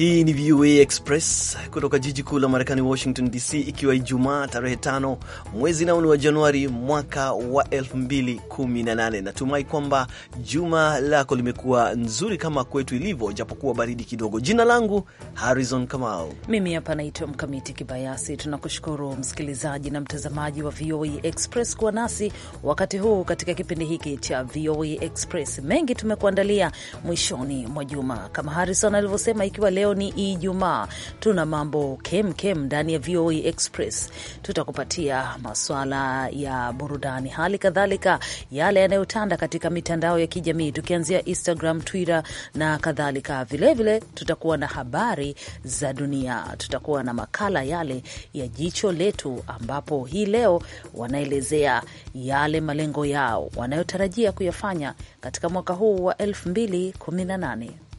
Hii ni VOA Express kutoka jiji kuu la Marekani, Washington DC, ikiwa Ijumaa tarehe tano mwezi naoni wa Januari mwaka wa 2018. Natumai kwamba juma lako limekuwa nzuri kama kwetu ilivyo, japokuwa baridi kidogo. Jina langu Harrison Kamau, mimi hapa naitwa Mkamiti Kibayasi. Tunakushukuru msikilizaji na mtazamaji wa VOA Express kuwa nasi wakati huu katika kipindi hiki cha VOA Express. Mengi tumekuandalia mwishoni mwa juma kama Harrison alivyosema, ikiwa leo leo ni Ijumaa, tuna mambo kem ndani ya VOA e Express. Tutakupatia maswala ya burudani, hali kadhalika yale yanayotanda katika mitandao ya kijamii, tukianzia Instagram, Twitter na kadhalika. Vilevile tutakuwa na habari za dunia, tutakuwa na makala yale ya jicho letu, ambapo hii leo wanaelezea yale malengo yao wanayotarajia kuyafanya katika mwaka huu wa 2018.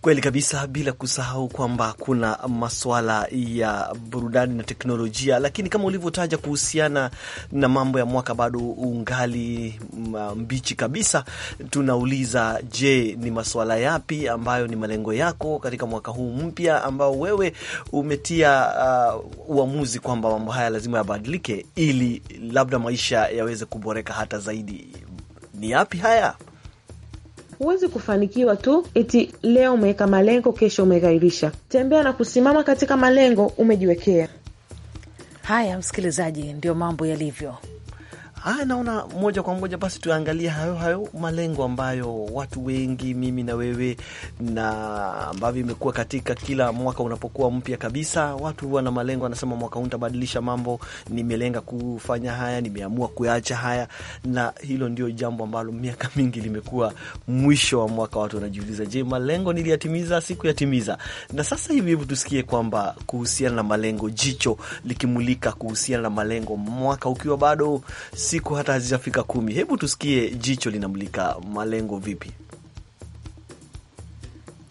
Kweli kabisa, bila kusahau kwamba kuna maswala ya burudani na teknolojia, lakini kama ulivyotaja kuhusiana na mambo ya mwaka, bado ungali mm, mbichi kabisa. Tunauliza, je, ni maswala yapi ambayo ni malengo yako katika mwaka huu mpya ambao wewe umetia uh, uamuzi kwamba mambo haya lazima yabadilike ili labda maisha yaweze kuboreka hata zaidi? Ni yapi haya? Huwezi kufanikiwa tu eti leo umeweka malengo, kesho umeghairisha. Tembea na kusimama katika malengo umejiwekea. Haya, msikilizaji, ndio mambo yalivyo. Haya, naona moja kwa moja basi tuangalie hayo hayo malengo ambayo watu wengi, mimi na wewe, na ambavyo imekuwa katika kila mwaka unapokuwa mpya kabisa, watu huwa na malengo, anasema mwaka huu nitabadilisha mambo, nimelenga kufanya haya, nimeamua kuacha haya. Na hilo ndio jambo ambalo miaka mingi limekuwa, mwisho wa mwaka watu wanajiuliza, je, malengo niliyatimiza? Sikuyatimiza. Na sasa hivi, hebu tusikie kwamba kuhusiana na malengo, jicho likimulika kuhusiana na malengo, mwaka ukiwa bado si siku hata hazijafika kumi. Hebu tusikie jicho linamulika malengo vipi?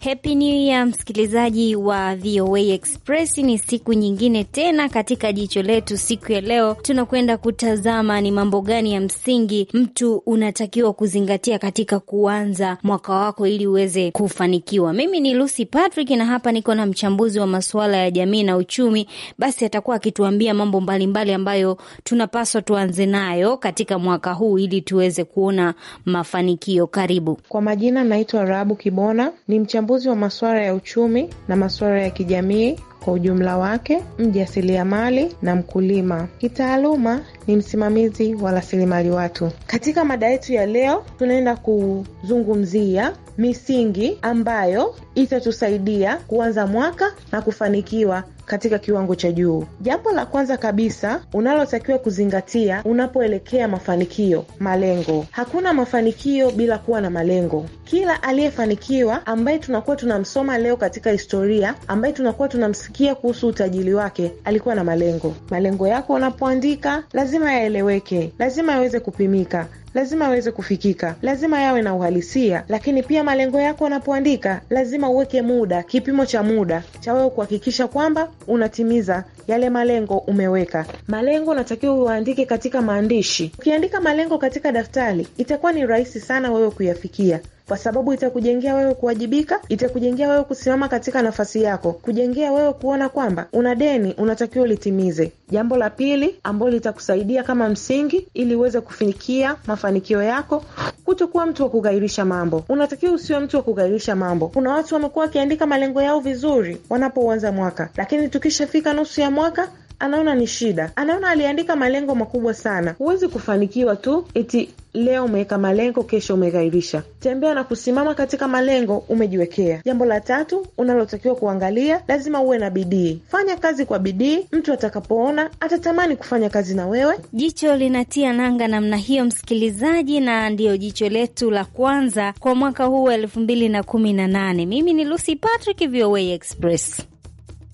Happy New Year msikilizaji wa VOA Express. Ni siku nyingine tena katika jicho letu. Siku ya leo tunakwenda kutazama ni mambo gani ya msingi mtu unatakiwa kuzingatia katika kuanza mwaka wako ili uweze kufanikiwa. Mimi ni Lucy Patrick na hapa niko na mchambuzi wa masuala ya jamii na uchumi, basi atakuwa akituambia mambo mbalimbali mbali ambayo tunapaswa tuanze nayo katika mwaka huu ili tuweze kuona mafanikio. Karibu. Kwa majina naitwa Rahabu Kibona, ni mchambuzi mchambuzi wa masuala ya uchumi na masuala ya kijamii kwa ujumla wake, mjasiriamali na mkulima. Kitaaluma ni msimamizi wa rasilimali watu. Katika mada yetu ya leo, tunaenda kuzungumzia misingi ambayo itatusaidia kuanza mwaka na kufanikiwa katika kiwango cha juu. Jambo la kwanza kabisa unalotakiwa kuzingatia unapoelekea mafanikio, malengo. Hakuna mafanikio bila kuwa na malengo. Kila aliyefanikiwa ambaye tunakuwa tunamsoma leo katika historia, ambaye tunakuwa tunamsikia kuhusu utajiri wake, alikuwa na malengo. Malengo yako unapoandika lazima yaeleweke, lazima yaweze kupimika, lazima aweze kufikika, lazima yawe na uhalisia. Lakini pia malengo yako unapoandika, lazima uweke muda, kipimo cha muda cha wewe kuhakikisha kwamba unatimiza yale malengo umeweka. Malengo unatakiwa uandike katika maandishi. Ukiandika malengo katika daftari, itakuwa ni rahisi sana wewe kuyafikia kwa sababu itakujengea wewe kuwajibika, itakujengea wewe kusimama katika nafasi yako, kujengea wewe kuona kwamba una deni unatakiwa ulitimize Jambo la pili ambalo litakusaidia kama msingi ili uweze kufikia mafanikio yako, kutokuwa mtu wa kughairisha mambo. Unatakiwa usiwe mtu wa kughairisha mambo. Kuna watu wamekuwa wakiandika malengo yao vizuri wanapoanza mwaka, lakini tukishafika nusu ya mwaka anaona ni shida, anaona aliandika malengo makubwa sana. Huwezi kufanikiwa tu eti leo umeweka malengo, kesho umeghairisha. Tembea na kusimama katika malengo umejiwekea. Jambo la tatu unalotakiwa kuangalia, lazima uwe na bidii. Fanya kazi kwa bidii, mtu atakapoona atatamani kufanya kazi na wewe. Jicho linatia nanga namna hiyo, msikilizaji, na ndiyo jicho letu la kwanza kwa mwaka huu wa elfu mbili na kumi na nane. Mimi ni Lucy Patrick, VOA Express.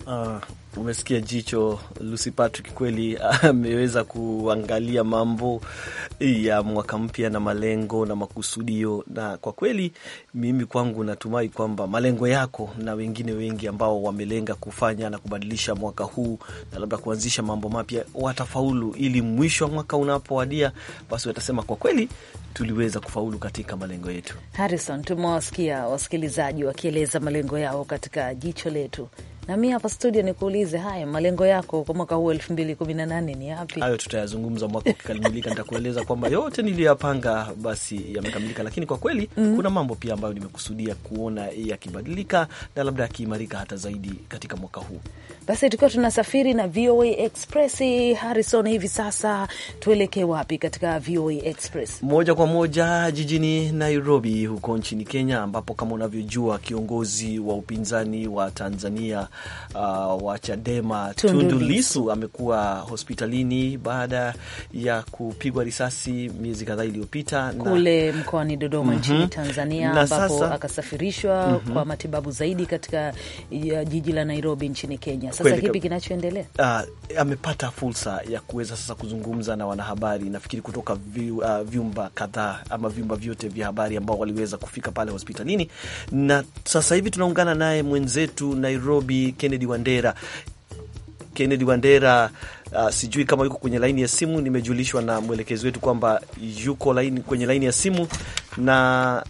Uh, Umesikia jicho Lucy Patrick, kweli ameweza kuangalia mambo ya mwaka mpya na malengo na makusudio, na kwa kweli mimi kwangu natumai kwamba malengo yako na wengine wengi ambao wamelenga kufanya na kubadilisha mwaka huu na labda kuanzisha mambo mapya watafaulu, ili mwisho wa mwaka unapowadia, basi watasema kwa kweli tuliweza kufaulu katika malengo yetu. Harrison, tumewasikia wasikilizaji wakieleza malengo yao katika jicho letu na mi hapa studio nikuulize, haya malengo yako kwa mwaka huu elfu mbili kumi na nane ni yapi? Hayo tutayazungumza mwaka ukikamilika. Nitakueleza kwamba yote niliyapanga basi yamekamilika, lakini kwa kweli mm -hmm. kuna mambo pia ambayo nimekusudia kuona yakibadilika na labda yakiimarika hata zaidi katika mwaka huu. Basi tukiwa tunasafiri na VOA Express, Harrison, hivi sasa tuelekee wapi katika VOA Express? Moja kwa moja jijini Nairobi huko nchini Kenya, ambapo kama unavyojua kiongozi wa upinzani wa Tanzania uh, wa Chadema Tundu amekuwa hospitalini baada ya kupigwa risasi miezi kadhaa iliyopita kule mkoani Dodoma mm -hmm. nchini Tanzania, ambapo akasafirishwa mm -hmm. kwa matibabu zaidi katika jiji la Nairobi nchini Kenya. Sasa kipi kinachoendelea? Uh, amepata fursa ya kuweza sasa kuzungumza na wanahabari, nafikiri kutoka vi, uh, vyumba kadhaa ama vyumba vyote vya habari ambao waliweza kufika pale hospitalini, na sasa hivi tunaungana naye mwenzetu Nairobi kennedi Kennedy Wandera. Kennedy Wandera, uh, sijui kama yuko kwenye laini ya simu. Nimejulishwa na mwelekezi wetu kwamba yuko laini, kwenye laini ya simu na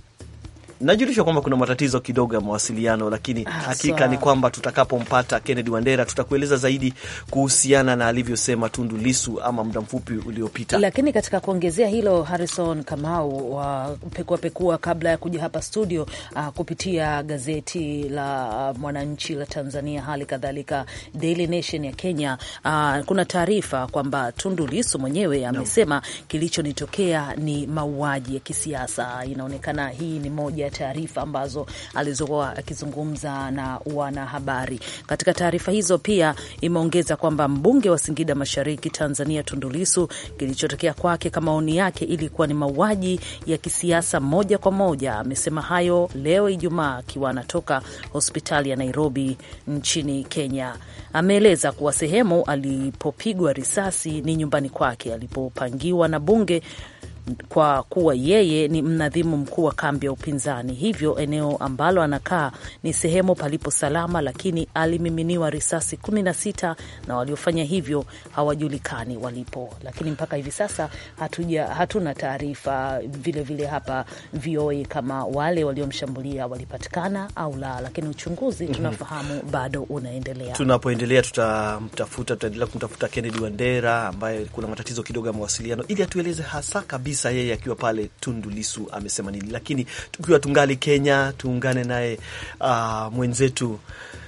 najulishwa kwamba kuna matatizo kidogo ya mawasiliano, lakini ah, hakika ni kwamba tutakapompata Kennedy Wandera tutakueleza zaidi kuhusiana na alivyosema Tundu Lisu ama muda mfupi uliopita. Lakini katika kuongezea hilo, Harrison Kamau wa pekua pekua kabla ya kuja hapa studio, uh, kupitia gazeti la Mwananchi la Tanzania, hali kadhalika Daily Nation ya Kenya, uh, kuna taarifa kwamba Tundu Lisu mwenyewe amesema no, kilichonitokea ni mauaji ya kisiasa. Inaonekana hii ni moja ya taarifa ambazo alizokuwa akizungumza na wanahabari. Katika taarifa hizo pia imeongeza kwamba mbunge wa Singida Mashariki Tanzania Tundulisu, kilichotokea kwake kama maoni yake ilikuwa ni mauaji ya kisiasa moja kwa moja. Amesema hayo leo Ijumaa akiwa anatoka hospitali ya Nairobi nchini Kenya. Ameeleza kuwa sehemu alipopigwa risasi ni nyumbani kwake alipopangiwa na bunge kwa kuwa yeye ni mnadhimu mkuu wa kambi ya upinzani, hivyo eneo ambalo anakaa ni sehemu palipo salama, lakini alimiminiwa risasi 16 na na waliofanya hivyo hawajulikani walipo, lakini mpaka hivi sasa hatuja, hatuna taarifa vilevile hapa VOA kama wale waliomshambulia walipatikana au la, lakini uchunguzi mhm. tunafahamu bado unaendelea. Tunapoendelea tutamtafuta, tutaendelea kumtafuta Kennedy Wandera ambaye kuna matatizo kidogo ya mawasiliano, ili atueleze hasa kabisa kabisa, yeye akiwa pale Tundu amesema nini. Lakini tukiwa tungali Kenya, tuungane naye uh, mwenzetu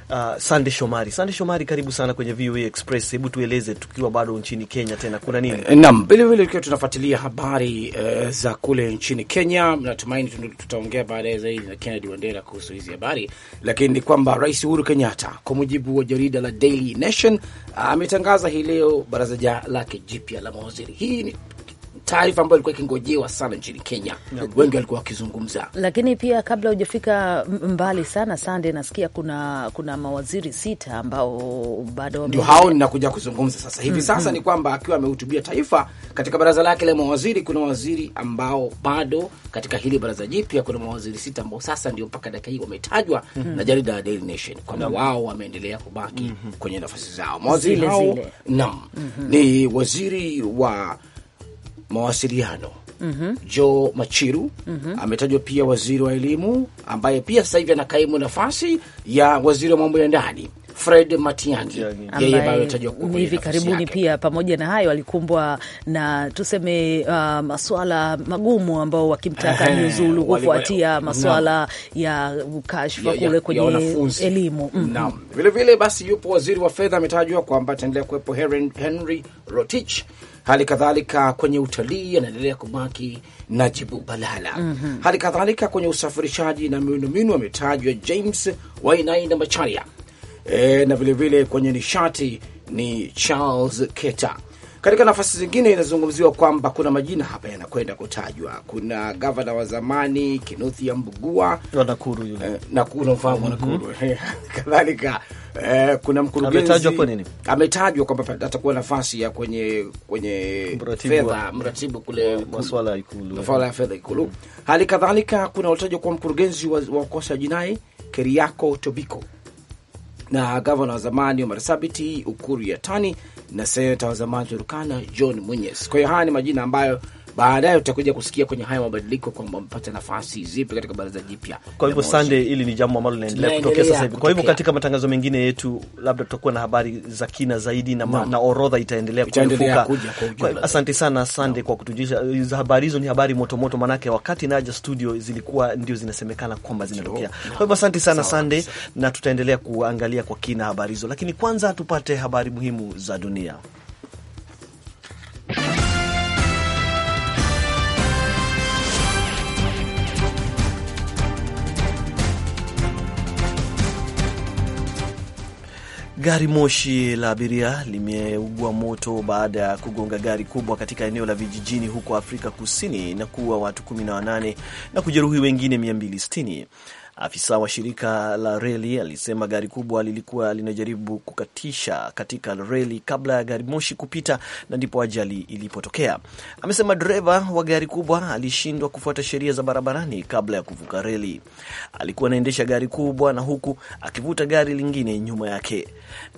Uh, Sande Shomari. Sande Shomari, karibu sana kwenye VOA Express. Hebu tueleze tukiwa bado nchini Kenya tena kuna nini? Eh, naam, vilevile tukiwa tunafuatilia habari e, za kule nchini Kenya. Natumaini tutaongea baadaye zaidi na Kennedy Wandera kuhusu hizi habari, lakini ni kwamba Rais Uhuru Kenyatta kwa mujibu wa jarida la Daily Nation ametangaza hii leo baraza lake jipya la mawaziri. Hii taarifa ambayo ilikuwa ikingojewa sana nchini Kenya. Yep. Wengi walikuwa wakizungumza, lakini pia kabla hujafika mbali sana Sande, nasikia kuna kuna mawaziri sita ambao bado ndio hao ninakuja kuzungumza sasa hivi. Mm -hmm. Sasa ni kwamba akiwa amehutubia taifa katika baraza lake la mawaziri, kuna waziri ambao bado katika hili baraza jipya, kuna mawaziri sita ambao sasa ndio mpaka dakika hii wametajwa mm -hmm. na jarida la Daily Nation kwamba wao wameendelea kubaki mm -hmm. kwenye nafasi zao mawaziri hao. Nam, mm -hmm. ni waziri wa mawasiliano mm -hmm. Joe Machiru mm -hmm. ametajwa pia waziri wa elimu, ambaye pia sasa hivi anakaimu nafasi ya waziri wa mambo ya ndani Fred Matiang'i yeye ametajwa hivi karibuni yake. Pia pamoja na hayo alikumbwa na tuseme, uh, maswala magumu ambao wakimtaka jiuzulu kufuatia maswala no. ya kashfa kule kwenye elimu mm -hmm. vile vilevile basi, yupo waziri wa fedha ametajwa kwamba ataendelea kuwepo Henry Rotich hali kadhalika kwenye utalii anaendelea kubaki jibu Balala. mm -hmm. hali kadhalika kwenye usafirishaji na miundombinu ametajwa James Wainaina Macharia e, na vilevile kwenye nishati ni Charles Keta katika nafasi zingine inazungumziwa kwamba kuna majina hapa yanakwenda kutajwa. Kuna gavana wa zamani ya Mbugua wa Nakuru yule, eh, Nakuru wa mhm. Nakuru kadhalika eh, kuna mkurugenzi ametajwa kwamba atakuwa nafasi ya kwenye kwenye fedha, mratibu kule masuala ya ikulu, masuala ya fedha ikulu mm -hmm. hali kadhalika kuna walitajwa kuwa mkurugenzi wa kosa jinai Keriako Tobiko na gavana wa zamani wa Marsabiti Ukuru Yatani na seneta wa zamani Turkana John Mwenyes. Kwa hiyo haya ni majina ambayo baadaye utakuja kusikia kwenye haya mabadiliko kwamba wamepata nafasi zipi katika baraza jipya. Kwa hivyo Sunday, hili ni jambo ambalo linaendelea kutokea sasa hivi. Kwa hivyo katika matangazo mengine yetu, labda tutakuwa na habari za kina zaidi na, no. na orodha itaendelea kufufuka. Asante sana Sunday no. kwa kutujulisha habari hizo. Ni habari moto moto, manake wakati naja studio zilikuwa ndio zinasemekana kwamba zinatokea. Kwa hivyo asante sana Sunday, na tutaendelea kuangalia kwa kina habari hizo, lakini kwanza tupate habari muhimu za dunia. Gari moshi la abiria limeugua moto baada ya kugonga gari kubwa katika eneo la vijijini huko Afrika Kusini na kuua watu 18 na kujeruhi wengine 260. Afisa wa shirika la reli alisema gari kubwa lilikuwa linajaribu kukatisha katika reli kabla ya gari moshi kupita na ndipo ajali ilipotokea. Amesema dereva wa gari kubwa alishindwa kufuata sheria za barabarani kabla ya kuvuka reli. Alikuwa anaendesha gari kubwa na huku akivuta gari lingine nyuma yake.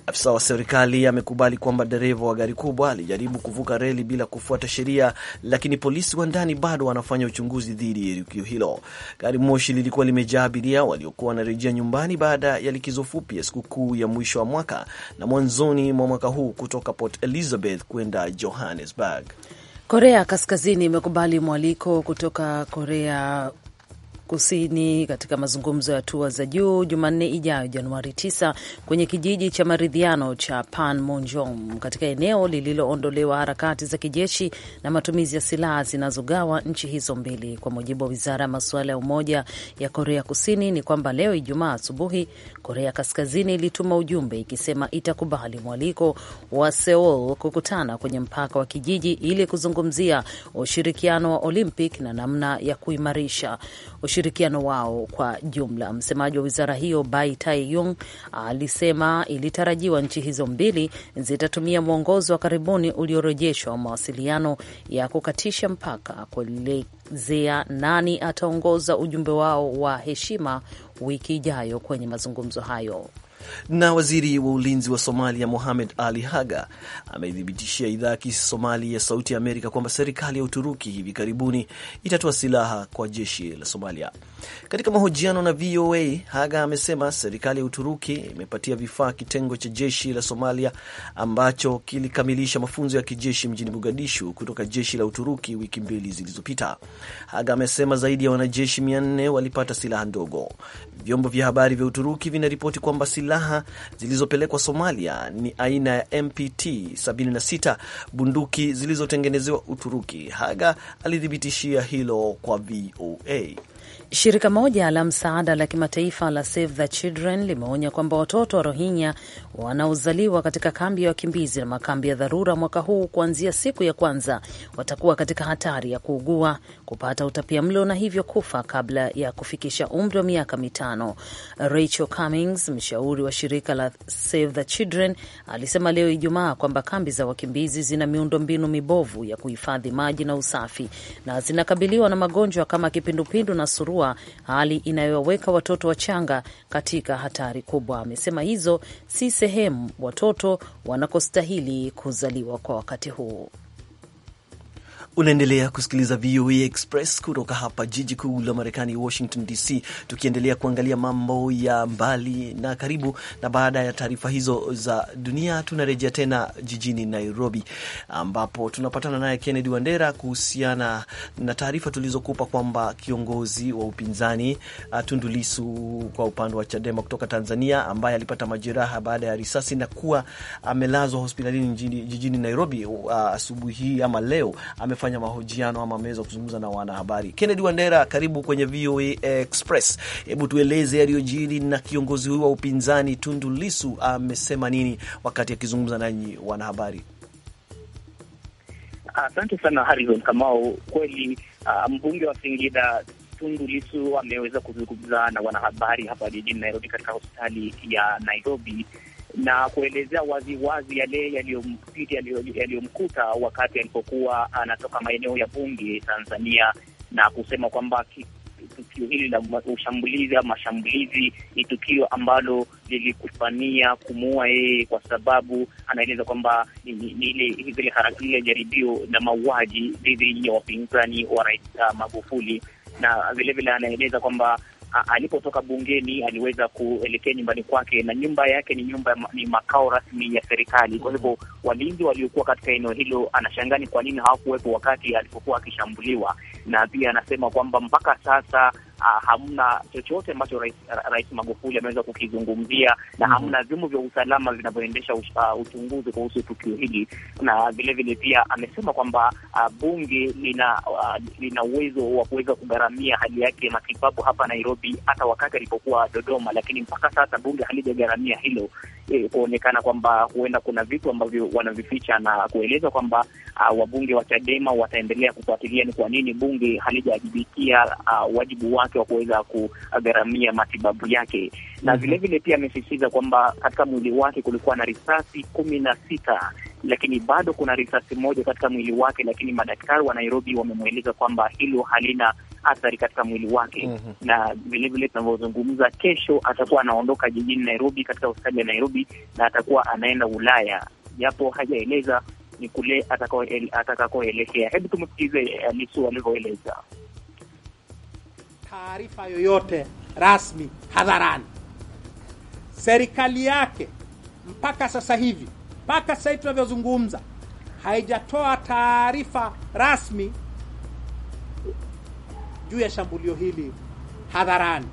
Afisa wa serikali amekubali kwamba dereva wa gari kubwa alijaribu kuvuka reli bila kufuata sheria, lakini polisi wa ndani bado wanafanya uchunguzi dhidi ya tukio hilo. Gari moshi lilikuwa limejaa abiria waliokuwa wanarejea nyumbani baada ya likizo fupi ya sikukuu ya mwisho wa mwaka na mwanzoni mwa mwaka huu kutoka Port Elizabeth kwenda Johannesburg. Korea Kaskazini imekubali mwaliko kutoka Korea Kusini katika mazungumzo ya hatua za juu Jumanne ijayo Januari 9 kwenye kijiji cha maridhiano cha pan Monjom katika eneo lililoondolewa harakati za kijeshi na matumizi ya silaha zinazogawa nchi hizo mbili. Kwa mujibu wa wizara ya masuala ya umoja ya Korea Kusini ni kwamba leo Ijumaa asubuhi Korea Kaskazini ilituma ujumbe ikisema itakubali mwaliko wa Seoul kukutana kwenye mpaka wa kijiji ili kuzungumzia ushirikiano wa Olympic na namna ya kuimarisha ushirikiano ushirikiano wao kwa jumla. Msemaji wa wizara hiyo Bai Tai Yung alisema ilitarajiwa nchi hizo mbili zitatumia mwongozo wa karibuni uliorejeshwa wa mawasiliano ya kukatisha mpaka kuelezea nani ataongoza ujumbe wao wa heshima wiki ijayo kwenye mazungumzo hayo. Na waziri wa ulinzi wa Somalia Mohamed Ali Haga ameithibitishia idhaa ya Kisomali ya Sauti ya Amerika kwamba serikali ya Uturuki hivi karibuni itatoa silaha kwa jeshi la Somalia. Katika mahojiano na VOA, Haga amesema serikali ya Uturuki imepatia vifaa kitengo cha jeshi la Somalia ambacho kilikamilisha mafunzo ya kijeshi mjini Mogadishu kutoka jeshi la Uturuki wiki mbili zilizopita. Haga amesema zaidi ya wanajeshi mia nne walipata silaha ndogo. Vyombo vya habari vya Uturuki vinaripoti kwamba silaha silaha zilizopelekwa Somalia ni aina ya MPT 76 bunduki zilizotengenezewa Uturuki. Haga alithibitishia hilo kwa VOA. Shirika moja la msaada la kimataifa la Save the Children limeonya kwamba watoto wa Rohingya wanaozaliwa katika kambi ya wakimbizi na makambi ya dharura mwaka huu kuanzia siku ya kwanza watakuwa katika hatari ya kuugua, kupata utapia mlo na hivyo kufa kabla ya kufikisha umri wa miaka mitano. Rachel Cummings, mshauri wa shirika la Save the Children, alisema leo Ijumaa kwamba kambi za wakimbizi zina miundombinu mibovu ya kuhifadhi maji na usafi na zinakabiliwa na magonjwa kama kipindupindu na surua, hali inayoweka watoto wachanga katika hatari kubwa. Amesema hizo si sehemu watoto wanakostahili kuzaliwa kwa wakati huu. Unaendelea kusikiliza VOA Express kutoka hapa jiji kuu la Marekani, Washington DC, tukiendelea kuangalia mambo ya mbali na karibu. Na baada ya taarifa hizo za dunia, tunarejea tena jijini Nairobi, ambapo tunapatana naye Kennedy Wandera kuhusiana na taarifa tulizokupa kwamba kiongozi wa upinzani uh, Tundu Lissu kwa upande wa Chadema kutoka Tanzania, ambaye alipata majeraha baada ya risasi na kuwa amelazwa hospitalini jijini Nairobi uh, asubuhi hii ama leo amefanya kufanya mahojiano ama ameweza kuzungumza na wanahabari. Kennedy Wandera, karibu kwenye VOA Express. Hebu tueleze yaliyojiri, na kiongozi huyu wa upinzani Tundu Lisu amesema nini wakati akizungumza nanyi wanahabari? Asante uh, sana Harrison Kamau. Kweli uh, mbunge wa Singida Tundu Lisu ameweza kuzungumza na wanahabari hapa jijini Nairobi, katika hospitali ya Nairobi na kuelezea waziwazi yale yaliyomkuta yali wakati alipokuwa anatoka maeneo ya bunge Tanzania na kusema kwamba tukio hili la ushambulizi mashambulizi ni tukio ambalo lilikufania kumuua yeye, kwa sababu anaeleza kwamba ile jaribio la mauaji dhidi ya wapinzani wa Rais uh, Magufuli, na vilevile anaeleza kwamba alipotoka bungeni aliweza kuelekea nyumbani kwake, na nyumba yake ni nyumba ni makao rasmi ya serikali. Kwa hivyo walinzi waliokuwa katika eneo hilo, anashangani kwa nini hawakuwepo wakati alipokuwa akishambuliwa, na pia anasema kwamba mpaka sasa uh, hamna chochote ambacho rais, rais Magufuli ameweza kukizungumzia na mm -hmm. hamna vyombo vya usalama vinavyoendesha uh, uchunguzi kuhusu tukio hili, na vilevile pia amesema kwamba uh, bunge lina uh, lina uwezo wa kuweza kugharamia hali yake ya matibabu hapa Nairobi hata wakati alipokuwa Dodoma, lakini mpaka sasa bunge halijagharamia hilo e, kuonekana kwamba huenda kuna vitu ambavyo wanavificha na kueleza kwamba uh, wabunge wa Chadema wataendelea kufuatilia ni kwa nini bunge halijawajibikia uh, wajibu wake wake wa kuweza kugharamia matibabu yake, na mhm. vilevile mm -hmm. vile pia amesisitiza kwamba katika mwili wake kulikuwa na risasi kumi na sita lakini bado kuna risasi moja katika mwili wake, lakini madaktari wa Nairobi wamemweleza kwamba hilo halina athari katika mwili wake mm -hmm. na vilevile tunavyozungumza, kesho atakuwa anaondoka jijini Nairobi katika hospitali ya Nairobi na atakuwa anaenda Ulaya, japo hajaeleza ni kule atakakoelekea. Hebu tumsikilize eh, Lisu alivyoeleza taarifa yoyote rasmi hadharani. Serikali yake mpaka sasa hivi, mpaka sasa hivi tunavyozungumza, haijatoa taarifa rasmi juu ya shambulio hili hadharani.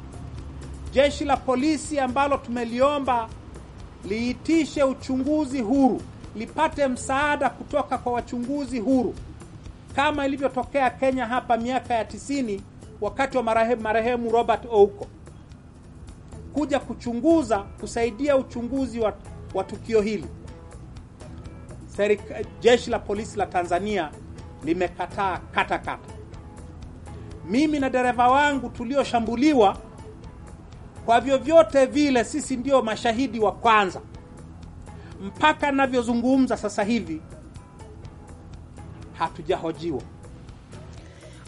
Jeshi la polisi ambalo tumeliomba liitishe uchunguzi huru, lipate msaada kutoka kwa wachunguzi huru kama ilivyotokea Kenya hapa miaka ya tisini wakati wa marehemu, marehemu Robert Ouko kuja kuchunguza kusaidia uchunguzi wa, wa tukio hili. Serika, jeshi la polisi la Tanzania limekataa kata kata. Mimi na dereva wangu tulioshambuliwa, kwa vyovyote vile sisi ndio mashahidi wa kwanza. Mpaka navyozungumza sasa hivi hatujahojiwa.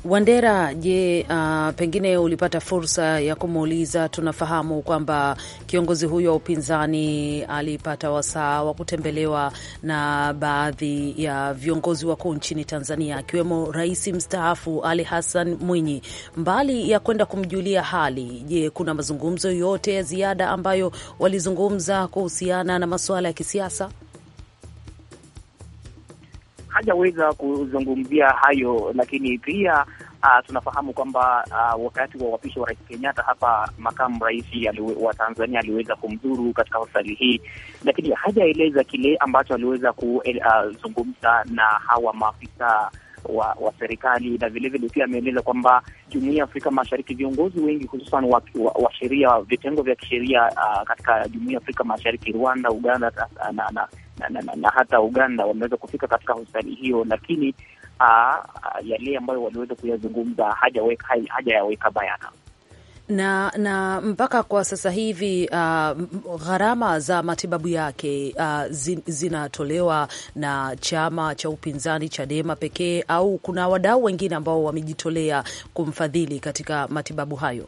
Wandera, je, uh, pengine ulipata fursa ya kumuuliza? Tunafahamu kwamba kiongozi huyo wa upinzani alipata wasaa wa kutembelewa na baadhi ya viongozi wakuu nchini Tanzania, akiwemo rais mstaafu Ali Hassan Mwinyi. Mbali ya kwenda kumjulia hali, je, kuna mazungumzo yote ya ziada ambayo walizungumza kuhusiana na masuala ya kisiasa? hajaweza kuzungumzia hayo, lakini pia Uh, tunafahamu kwamba uh, wakati wa uapisho wa Rais Kenyatta hapa makamu rais wa Tanzania aliweza kumzuru katika hospitali hii, lakini hajaeleza kile ambacho aliweza kuzungumza eh, ah, uh, na hawa maafisa wa, wa serikali na vilevile pia ameeleza kwamba jumuiya ya Afrika Mashariki, viongozi wengi hususan wa, wa, wa sheria, vitengo vya kisheria uh, katika jumuiya ya Afrika Mashariki, Rwanda, Uganda na, na, na na, na, na, na hata Uganda wameweza kufika katika hospitali hiyo, lakini ah, ah, yale ambayo waliweza kuyazungumza hajaweka hajayaweka bayana na na mpaka kwa sasa hivi uh, gharama za matibabu yake uh, zinatolewa na chama cha upinzani Chadema pekee au kuna wadau wengine ambao wamejitolea kumfadhili katika matibabu hayo?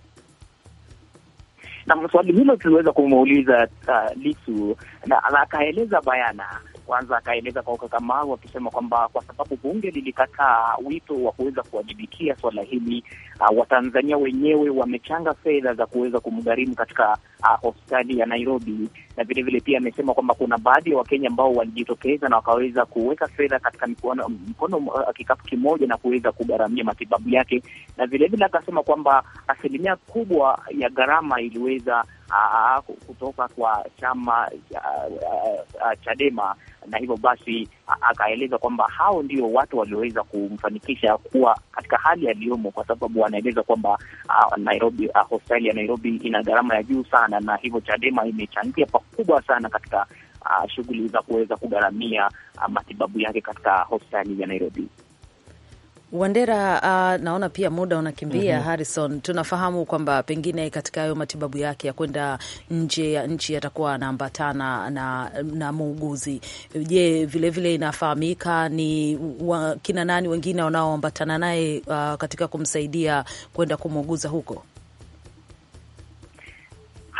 Na swali hilo tuliweza kumuuliza uh, Lisu na, na akaeleza bayana kwanza akaeleza kwa ukakamavu akisema kwamba kwa sababu bunge lilikataa wito wa kuweza kuwajibikia swala hili, uh, Watanzania wenyewe wamechanga fedha za kuweza kumgharimu katika Uh, hospitali uh, ya Nairobi, na vile vile pia amesema kwamba kuna baadhi ya Wakenya ambao walijitokeza na wakaweza kuweka fedha katika mkono, mkono uh, kikapu kimoja na kuweza kugharamia matibabu yake, na vile vile akasema kwamba asilimia kubwa ya gharama iliweza uh, kutoka kwa chama uh, uh, uh, Chadema na hivyo basi akaeleza kwamba hao ndio watu walioweza kumfanikisha kuwa katika hali aliyomo, kwa sababu anaeleza kwamba uh, Nairobi uh, hospitali ya Nairobi ina gharama ya juu sana sana, na hivyo Chadema imechangia pakubwa sana katika uh, shughuli za kuweza kugharamia uh, matibabu yake katika hospitali ya Nairobi. Wandera, uh, naona pia muda unakimbia. mm -hmm. Harrison, tunafahamu kwamba pengine katika hayo matibabu yake ya kwenda nje ya nchi yatakuwa anaambatana na, na muuguzi. Je, vilevile inafahamika ni wa, kina nani wengine wanaoambatana naye uh, katika kumsaidia kwenda kumuuguza huko?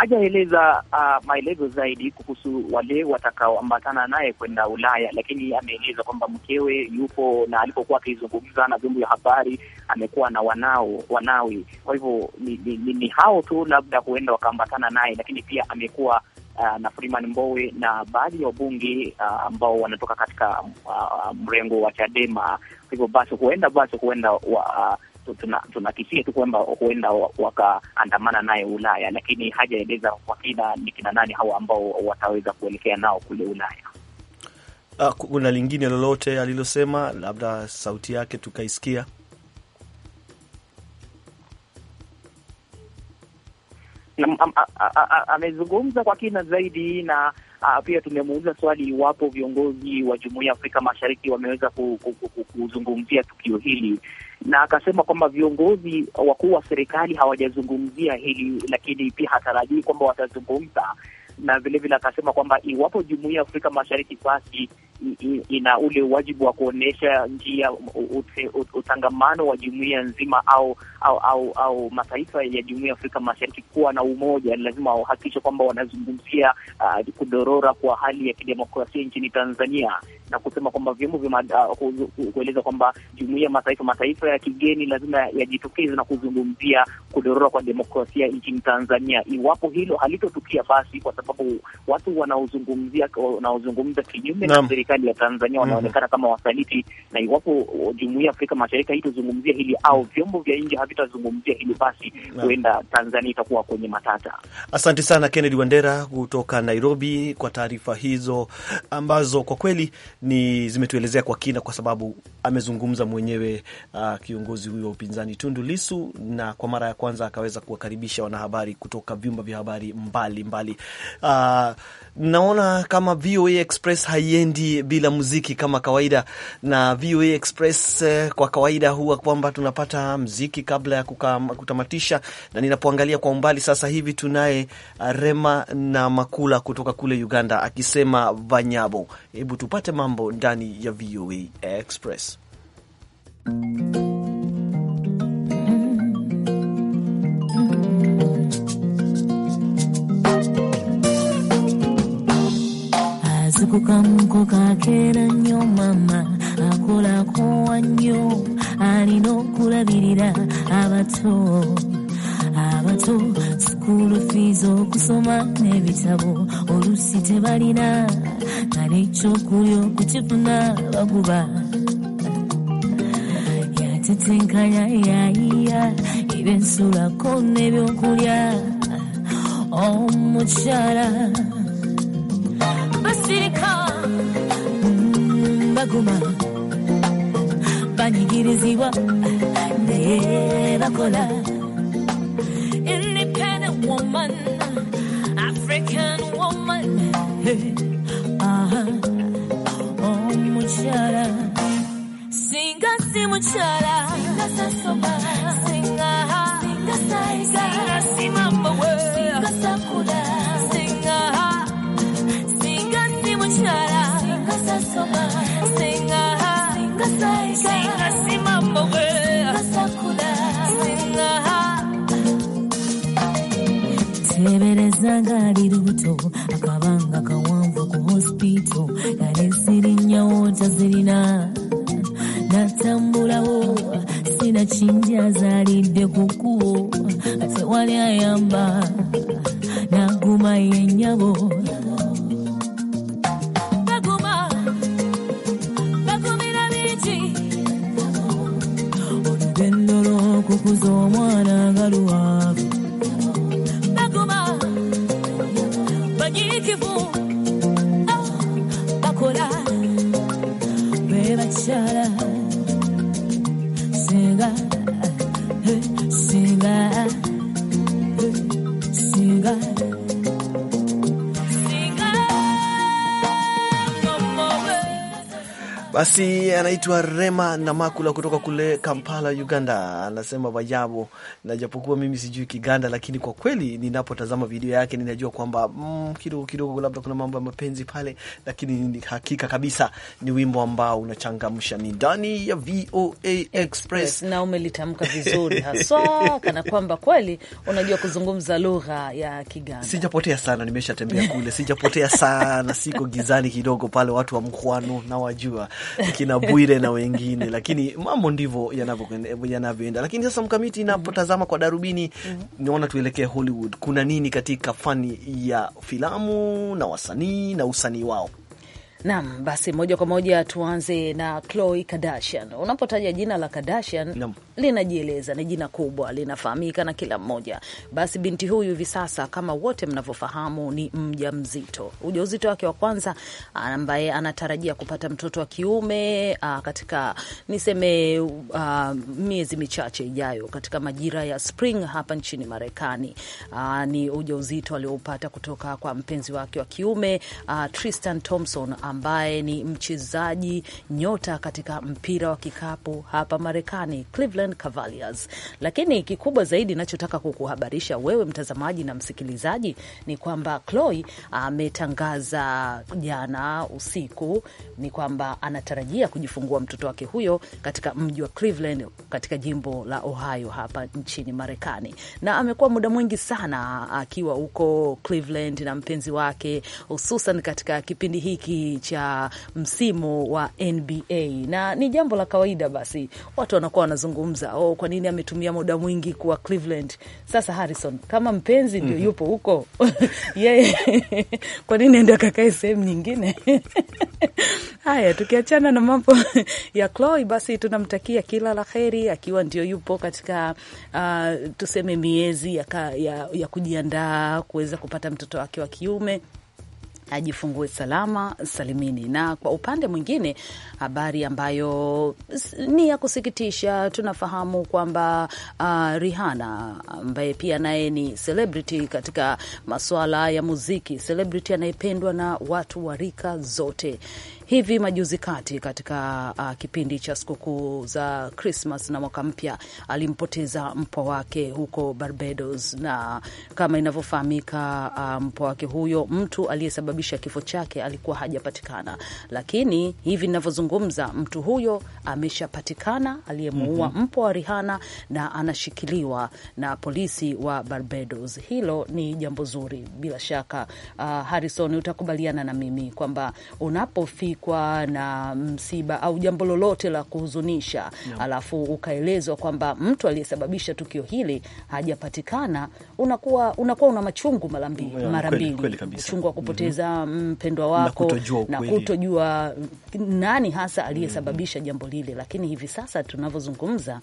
hajaeleza uh, maelezo zaidi kuhusu wale watakaoambatana naye kwenda Ulaya, lakini ameeleza kwamba mkewe yupo na alipokuwa akizungumza na vyombo vya habari amekuwa na wanao wanawi. Kwa hivyo ni, ni, ni, ni hao tu labda huenda wakaambatana naye, lakini pia amekuwa Uh, na Freeman Mbowe na baadhi ya wabunge uh, ambao wanatoka katika uh, mrengo wa Chadema. Kwa hivyo basi huenda basi huenda wa, uh, tunakisia tu kwamba huenda wakaandamana naye Ulaya, lakini hajaeleza kwa kina ni kina nani hawa ambao wataweza kuelekea nao kule Ulaya. Ah, kuna lingine lolote alilosema, labda sauti yake tukaisikia? Amezungumza kwa kina zaidi na Uh, pia tumemuuliza swali iwapo viongozi wa Jumuiya ya Afrika Mashariki wameweza kuzungumzia tukio hili, na akasema kwamba viongozi wakuu wa serikali hawajazungumzia hili, lakini pia hatarajii kwamba watazungumza, na vilevile akasema kwamba iwapo Jumuiya ya Afrika Mashariki basi ina ule wajibu wa kuonyesha njia utangamano wa jumuiya nzima au au au, au mataifa ya jumuiya ya Afrika Mashariki kuwa na umoja. Lazima wahakikishe kwamba wanazungumzia uh, kudorora kwa hali ya kidemokrasia nchini Tanzania na kusema kwamba vyombo vya uh, kueleza kwamba jumuiya mataifa mataifa ya kigeni lazima yajitokeze na kuzungumzia kudorora kwa demokrasia nchini Tanzania. Iwapo hilo halitotukia, basi kwa sababu watu wanaozungumzia wanaozungumza kinyume na serikali serikali ya Tanzania mhm. wanaonekana kama wasaliti, na iwapo jumuiya ya Afrika Mashariki haitazungumzia hili au vyombo vya nje havitazungumzia hili, basi huenda Tanzania itakuwa kwenye matata. Asante sana Kennedy Wandera kutoka Nairobi kwa taarifa hizo ambazo kwa kweli ni zimetuelezea kwa kina, kwa sababu amezungumza mwenyewe uh, kiongozi huyo wa upinzani Tundu Lisu, na kwa mara ya kwanza akaweza kuwakaribisha wanahabari kutoka vyumba vya habari mbalimbali mbali. Uh, naona kama VOA Express haiendi bila muziki kama kawaida, na VOA Express eh, kwa kawaida huwa kwamba tunapata mziki kabla ya kutamatisha, na ninapoangalia kwa umbali sasa hivi tunaye eh, Rema na Makula kutoka kule Uganda akisema Vanyabo. Hebu tupate mambo ndani ya VOA Express. Tukukamuko kakera nnyo mama akolako wannyo alina okulabirira abato abato sukuulu fiizi okusoma n'ebitabo olusi tebalina nalekyokulya okukifuna baguba yatetenkanya yayiya ebensulako n'ebyokulya omukyala oh, baguma naye bakola independent woman african woman omukyala singa si mukyala singa singa mama we ng'ali lubuto akabanga kawanvu ku hospito yali siri nyawota zirina natambulawo sina kinji azaalidde ku kkubo atewali ayamba naguma yennyabo kukuza omwana nga luwaa kivu oh, bakola bebakyala singa eh, Basi anaitwa Rema na Makula kutoka kule Kampala, Uganda. Anasema vajabo, na japokuwa mimi sijui Kiganda, lakini kwa kweli ninapotazama video yake ninajua kwamba mm, kidogo kidogo labda kuna mambo ya mapenzi pale, lakini hakika kabisa ni wimbo ambao unachangamsha. Ni ndani ya VOA Express na umelitamka vizuri haswa, kana kwamba kweli unajua kuzungumza lugha ya Kiganda. Sijapotea sana, nimeshatembea kule, sijapotea sana, siko gizani kidogo pale, watu wa mkwano na wajua kina Bwire na wengine, lakini mambo ndivyo yanavyoenda. Lakini sasa mkamiti inapotazama kwa darubini, naona tuelekee Hollywood, kuna nini katika fani ya filamu na wasanii na usanii wao? Nam, basi moja kwa moja tuanze na Khloe Kardashian. Unapotaja jina la Kardashian no. linajieleza, ni jina kubwa, linafahamika na kila mmoja. Basi binti huyu hivi sasa, kama wote mnavyofahamu, ni mja mzito, ujauzito wake wa kwanza, ambaye anatarajia kupata mtoto wa kiume a, ah, katika niseme a, ah, miezi michache ijayo, katika majira ya spring hapa nchini Marekani. Ah, ni ujauzito alioupata kutoka kwa mpenzi wake wa kiume a, Tristan Thompson a, ambaye ni mchezaji nyota katika mpira wa kikapu hapa Marekani, Cleveland Cavaliers. Lakini kikubwa zaidi nachotaka kukuhabarisha wewe mtazamaji na msikilizaji ni kwamba Chloe ametangaza jana usiku ni kwamba anatarajia kujifungua mtoto wake huyo katika mji wa Cleveland katika jimbo la Ohio hapa nchini Marekani, na amekuwa muda mwingi sana akiwa huko Cleveland na mpenzi wake, hususan katika kipindi hiki cha msimu wa NBA, na ni jambo la kawaida. Basi watu wanakuwa wanazungumza, oh, kwa nini ametumia muda mwingi kuwa Cleveland? Sasa Harrison kama mpenzi ndio, mm -hmm. yupo huko yeye kwa nini enda akakae sehemu nyingine? Haya, tukiachana na mambo ya Chloe, basi tunamtakia kila la heri akiwa ndio yupo katika uh, tuseme miezi ya, ya, ya kujiandaa kuweza kupata mtoto wake wa kiume ajifungue salama salimini. Na kwa upande mwingine, habari ambayo ni ya kusikitisha, tunafahamu kwamba uh, Rihanna ambaye pia naye ni celebrity katika masuala ya muziki, celebrity anayependwa na watu wa rika zote hivi majuzi kati katika uh, kipindi cha sikukuu za Krismas na mwaka mpya alimpoteza mpwa wake huko Barbados, na kama inavyofahamika uh, mpwa wake huyo, mtu aliyesababisha kifo chake alikuwa hajapatikana, lakini hivi ninavyozungumza, mtu huyo ameshapatikana, aliyemuua mm -hmm. mpwa wa Rihana na anashikiliwa na polisi wa Barbados. Hilo ni jambo zuri bila shaka. Uh, Harrison, utakubaliana na mimi kwamba unapofika ulikuwa na msiba au jambo lolote la kuhuzunisha yeah, alafu ukaelezwa kwamba mtu aliyesababisha tukio hili hajapatikana, unakuwa unakuwa una machungu mara mbili yeah, mara mbili, uchungu wa kupoteza mhm. mpendwa mm -hmm. wako na kutojua nani hasa aliyesababisha mm -hmm. jambo lile, lakini hivi sasa tunavyozungumza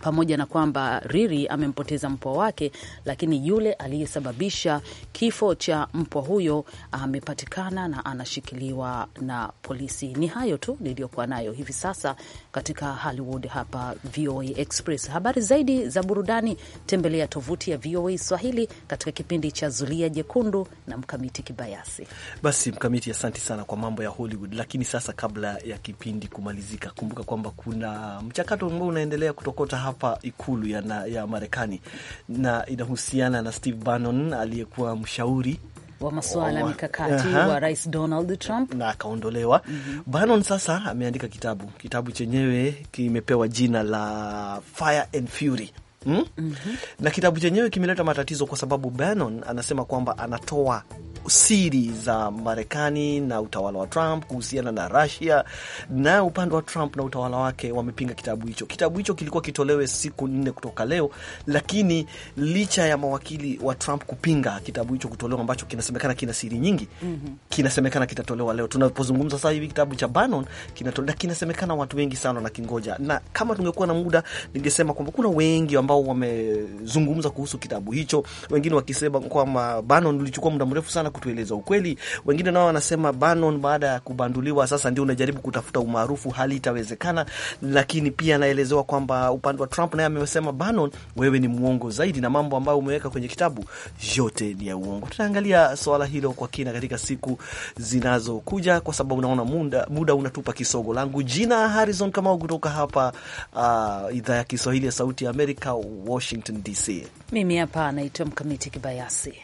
pamoja na kwamba Riri amempoteza mpwa wake, lakini yule aliyesababisha kifo cha mpwa huyo amepatikana na anashikiliwa na polisi. Ni hayo tu niliyokuwa nayo hivi sasa katika Hollywood, hapa VOA Express. Habari zaidi za burudani, tembelea tovuti ya VOA Swahili katika kipindi cha Zulia Jekundu na Mkamiti Kibayasi. Basi Mkamiti, asanti sana kwa mambo ya Hollywood, lakini sasa kabla ya kipindi kumalizika, kumbuka kwamba kuna mchakato ambao unaendelea kutokota hapa ikulu ya, na, ya Marekani na inahusiana na Steve Bannon aliyekuwa mshauri wa masuala mikakati uh -huh. wa Rais Donald Trump na akaondolewa. mm -hmm. Bannon sasa ameandika kitabu. Kitabu chenyewe kimepewa jina la Fire and Fury mm? Mm -hmm. Mhm. Na kitabu chenyewe kimeleta matatizo kwa sababu Bannon anasema kwamba anatoa siri za Marekani na utawala wa Trump kuhusiana na Russia, na upande wa Trump na utawala wake wamepinga kitabu hicho. Kitabu hicho kilikuwa kitolewe siku nne kutoka leo, lakini licha ya mawakili wa Trump kupinga kitabu hicho kutolewa, ambacho kinasemekana kina siri nyingi mm -hmm. Kinasemekana kitatolewa leo tunapozungumza sasa hivi. Kitabu cha Bannon kinatolewa, kinasemekana watu wengi sana na kingoja, na kama tungekuwa na muda ningesema kwamba kuna wengi wa ambao wamezungumza kuhusu kitabu hicho, wengine wakisema kwamba Bannon ulichukua muda mrefu sana kutueleza ukweli, wengine nao wanasema Bannon baada ya kubanduliwa sasa ndio unajaribu kutafuta umaarufu, hali itawezekana. Lakini pia anaelezewa kwamba upande wa Trump naye amesema Bannon, wewe ni mwongo zaidi, na mambo ambayo umeweka kwenye kitabu yote ni ya uongo. Tutaangalia swala hilo kwa kina katika siku zinazokuja, kwa sababu naona muda, muda unatupa kisogo. Langu jina Harrison Kamau kutoka hapa uh, idhaa ya Kiswahili ya Sauti ya Amerika, Washington DC. Mimi hapa anaitwa Mkamiti Kibayasi.